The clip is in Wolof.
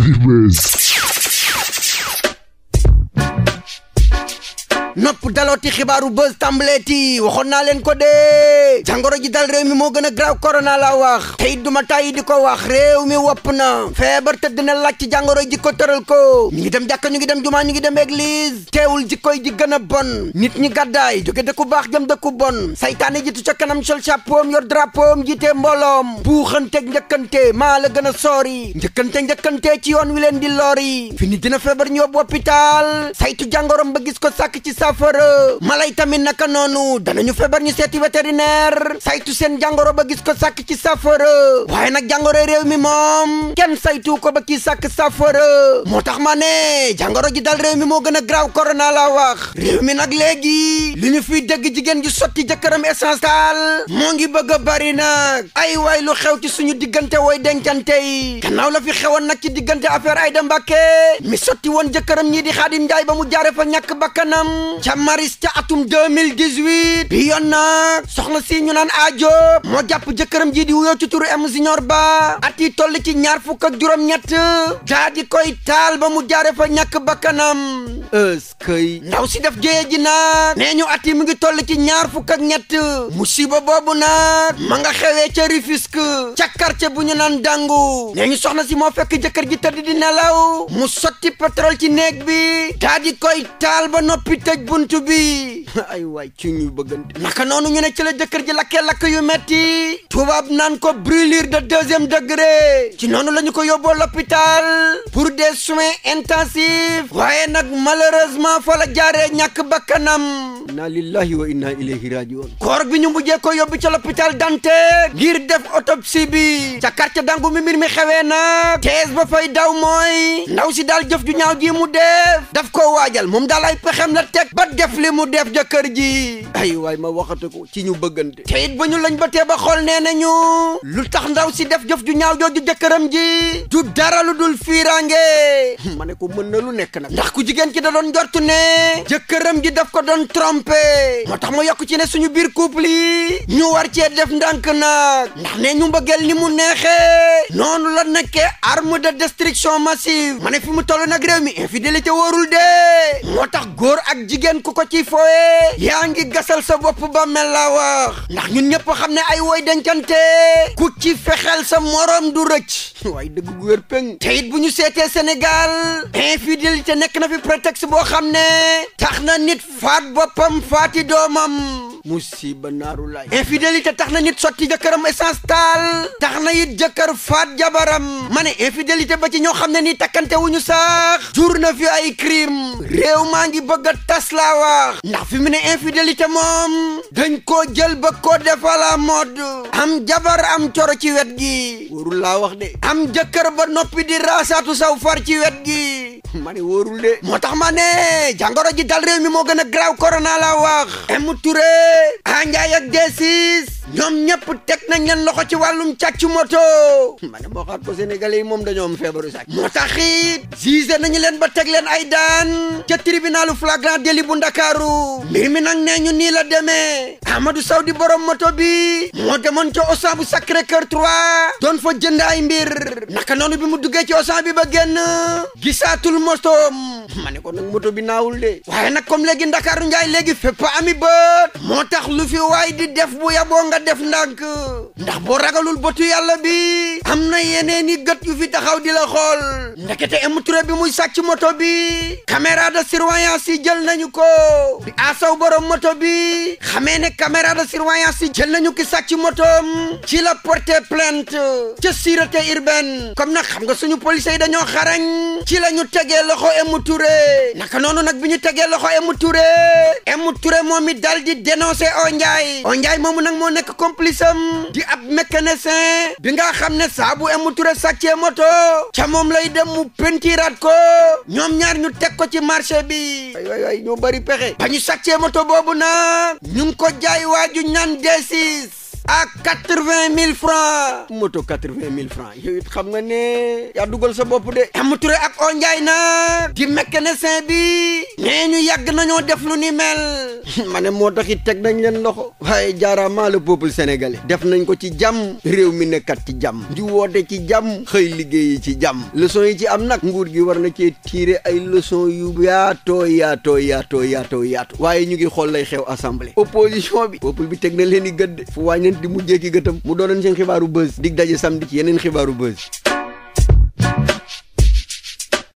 Heavy Mess. nopp dalooti xibaaru buzz tàmbaleeti waxoon naa leen ko dee jangoro ji dal réew mi moo gën a graaw corona laa wax te it duma tàyyi di ko wax réew mi wopp na feebar te dina laaj ci jàngoro ji ko tëral ko ñu ngi dem jàkka ñu ngi dem jumaa ñu ngi dem église teewul jikkoy ji gën a bon nit ñi gàddaay jóge dëkku baax jëm dëkku bon saytaane jiitu ca kanam sol chapeau yor drapeau jiite mbooloom buuxanteeg njëkkante maa la gën a soori njëkkante njëkkante ci yoon wi leen di lori fini dina feebar ñu yóbbu hôpital saytu jàngoroom ba gis ko sàkk ci saafara mala yi tamit naka noonu dana ñu feebar ñu seeti vétérinaire saytu seen jàngoro ba gis ko sàkk ci saafara waaye nag jàngoro réew mi moom kenn saytu ko ba kii sàkk saafara moo tax ma ne jàngoro ji dal réew mi moo gën a graaw corona la wax réew mi nag léegi li ñu fiy dëgg jigéen ji sotti jëkkëram essence taal moo ngi bëgg a bari nag ay waay lu xew ci suñu diggante woy dencante yi gannaaw la fi xewoon nag ci diggante affaire Aïda Mbacké mi sotti woon jëkkëram ñii di Xaadim ba mu jaare fa ñàkk bakkanam ca maris ca atum 2018 bi yoon nag soxna si ñu naan aajoob moo jàpp jëkkëram ji di wuyoo ci turu M Junior ba at yi toll ci ñaar fukk ak juróom-ñett daa koy taal ba mu jaare fa ñàkk bakkanam eskay ndaw si def jéye ji nag nee mu ngi toll ci ñaar fukk ak ñett musiba boobu nag ma nga xewee ca Rufisque ca quartier bu ñu naan dàngu nee ñu soxna si moo fekk jëkkër ji tëdd di nelaw mu sotti pétrole ci néeg bi daa koy taal noppi tëj bunt bi ay waay ci ñuy bëggante naka noonu ñu ne ci la jëkkër ji lakkee lakk yu metti tubaab naan ko brûlure de deuxième degré ci noonu la ko yóbboo l'hôpital pour des soins intensifs waaye nag malheureusement fa la jaaree ñàkk bakkanam inna lillahi wa inna ilayhi rajiun koor bi ñu mujjee ko yóbbu ca l'hôpital Dante ngir def autopsie bi ca quartier dangu mi mbir mi xewee nag tees ba fay daw mooy ndaw si daal jëf ju ñaaw ji mu def daf koo waajal moom daal ay ba def li mu def jëkkër ji ay waay ma waxatu ko ci ñu bëggante te it ba ñu lañ ba tee ba xool nee nañu lu tax ndaw si def jëf ju ñaaw jooju jëkkëram ji du dara lu dul fiirange ma ne ko mën na lu nekk nag ndax ku jigéen ki da doon njortu ne jëkkëram ji daf ko doon trompé moo tax ma yokk ci ne suñu biir couple li ñu war cee def ndànk nag ndax ne ñu mbëggeel ni mu neexee noonu la nekkee arme de destruction massive ma ne fi mu toll nag réew mi infidélité wóorul de moo tax góor ak jigéen jigéen ku ko ci fooye yaa ngi gasal sa bopp ba mel laa wax ndax ñu ñëpp xam ne ay woy dencante ku ci fexel sa morom du rëcc waaye dëgg gu wér te it bu ñu seetee Sénégal infidélité nekk na fi prétexte boo xam ne tax na nit faat boppam faati doomam musiba naaru laay infidélité tax na nit sotti jëkkëram essence taal tax na it jëkkër faat jabaram ma ne infidélité ba ci ñoo xam ne nii takkante ñu sax jur na fi ay crime réew maa ngi bëgg a tas laa wax ndax fi mu ne infidélité moom dañ koo jël ba koo defa la mode am jabar am coro ci wet gi warul laa wax de am jëkkër ba noppi di raasaatu saw far ci wet gi ma ne wóorul moo tax ma ne jàngoro ji dal réew mi moo gën a graaw corona la wax M Touré Andiaye ak d ñoom ñëpp teg nañ leen loxo ci wàllum càcc moto ma ne moo xaat ko sénégalais moom dañoo am feebaru sàcc moo tax it jugé nañu leen ba teg leen ay daan ca tribunalu flagrant délit bu ndakaaru mbir mi nag nee ñu nii la demee Amadou Sow di borom moto bi moo demoon ca Auchan bu Sacré-Cœur 3 doon fa jënd ay mbir naka noonu bi mu duggee ci Auchan bi ba génn gisaatul motoom ma ne ko nag moto bi naawul de waaye nag comme léegi ndakaaru njaay léegi fépp ami bët moo tax lu fi di def nga def ndànk ndax boo ragalul bëtu yàlla bi am na yeneen i gët yu fi taxaw di la xool ndekete M Touré bi muy sàcc moto bi caméra de surveillance yi jël nañu ko bi asaw borom moto bi xamee ne caméra de surveillance yi jël nañu ki sàcc moto ci la porter plainte sira sûreté urbaine comme na xam nga suñu police yi dañoo xarañ ci la ñu tegee loxo M Touré naka noonu nag bi ñu tegee loxo M Touré M Touré moom it dal di dénoncer Ondiaye Ondiaye moomu nag moo nekk nekk complice am di ab mécanicien bi nga xam ne saa bu Émou Touré moto ca moom lay dem mu pentiraat ko ñoom ñaar ñu teg ko ci marché bi ay ay ñoo bari pexe ba ñu sàccee moto boobu na ñu ngi ko jaay waaju ñaan deesis à quatre-vingt mille francs moto quatre-vingt mille francs yow xam nga ne yaa dugal sa bopp de Émou Touré ak Ondiaye na di mécanicien bi mais ñu yàgg nañoo def lu ni mel ma ne moo tax it teg nañ leen loxo waaye jaaraamaa le peuple sénégalais def nañ ko ci jàmm réew mi nekkat ci jàmm di woote ci jàmm xëy liggéeyi ci jàmm leçon yi ci am nag nguur gi war na cee tiire ay leçon yu yaatoo yaatoo yaatoo yaato yaatoo waaye ñu ngi xool lay xew assemblée opposition bi peuple bi teg na leen i gëdd fu wàññeent di mujjee ki gëtam mu doonoon seen xibaaru buzz dig daje samedi ci yeneen xibaaru buzz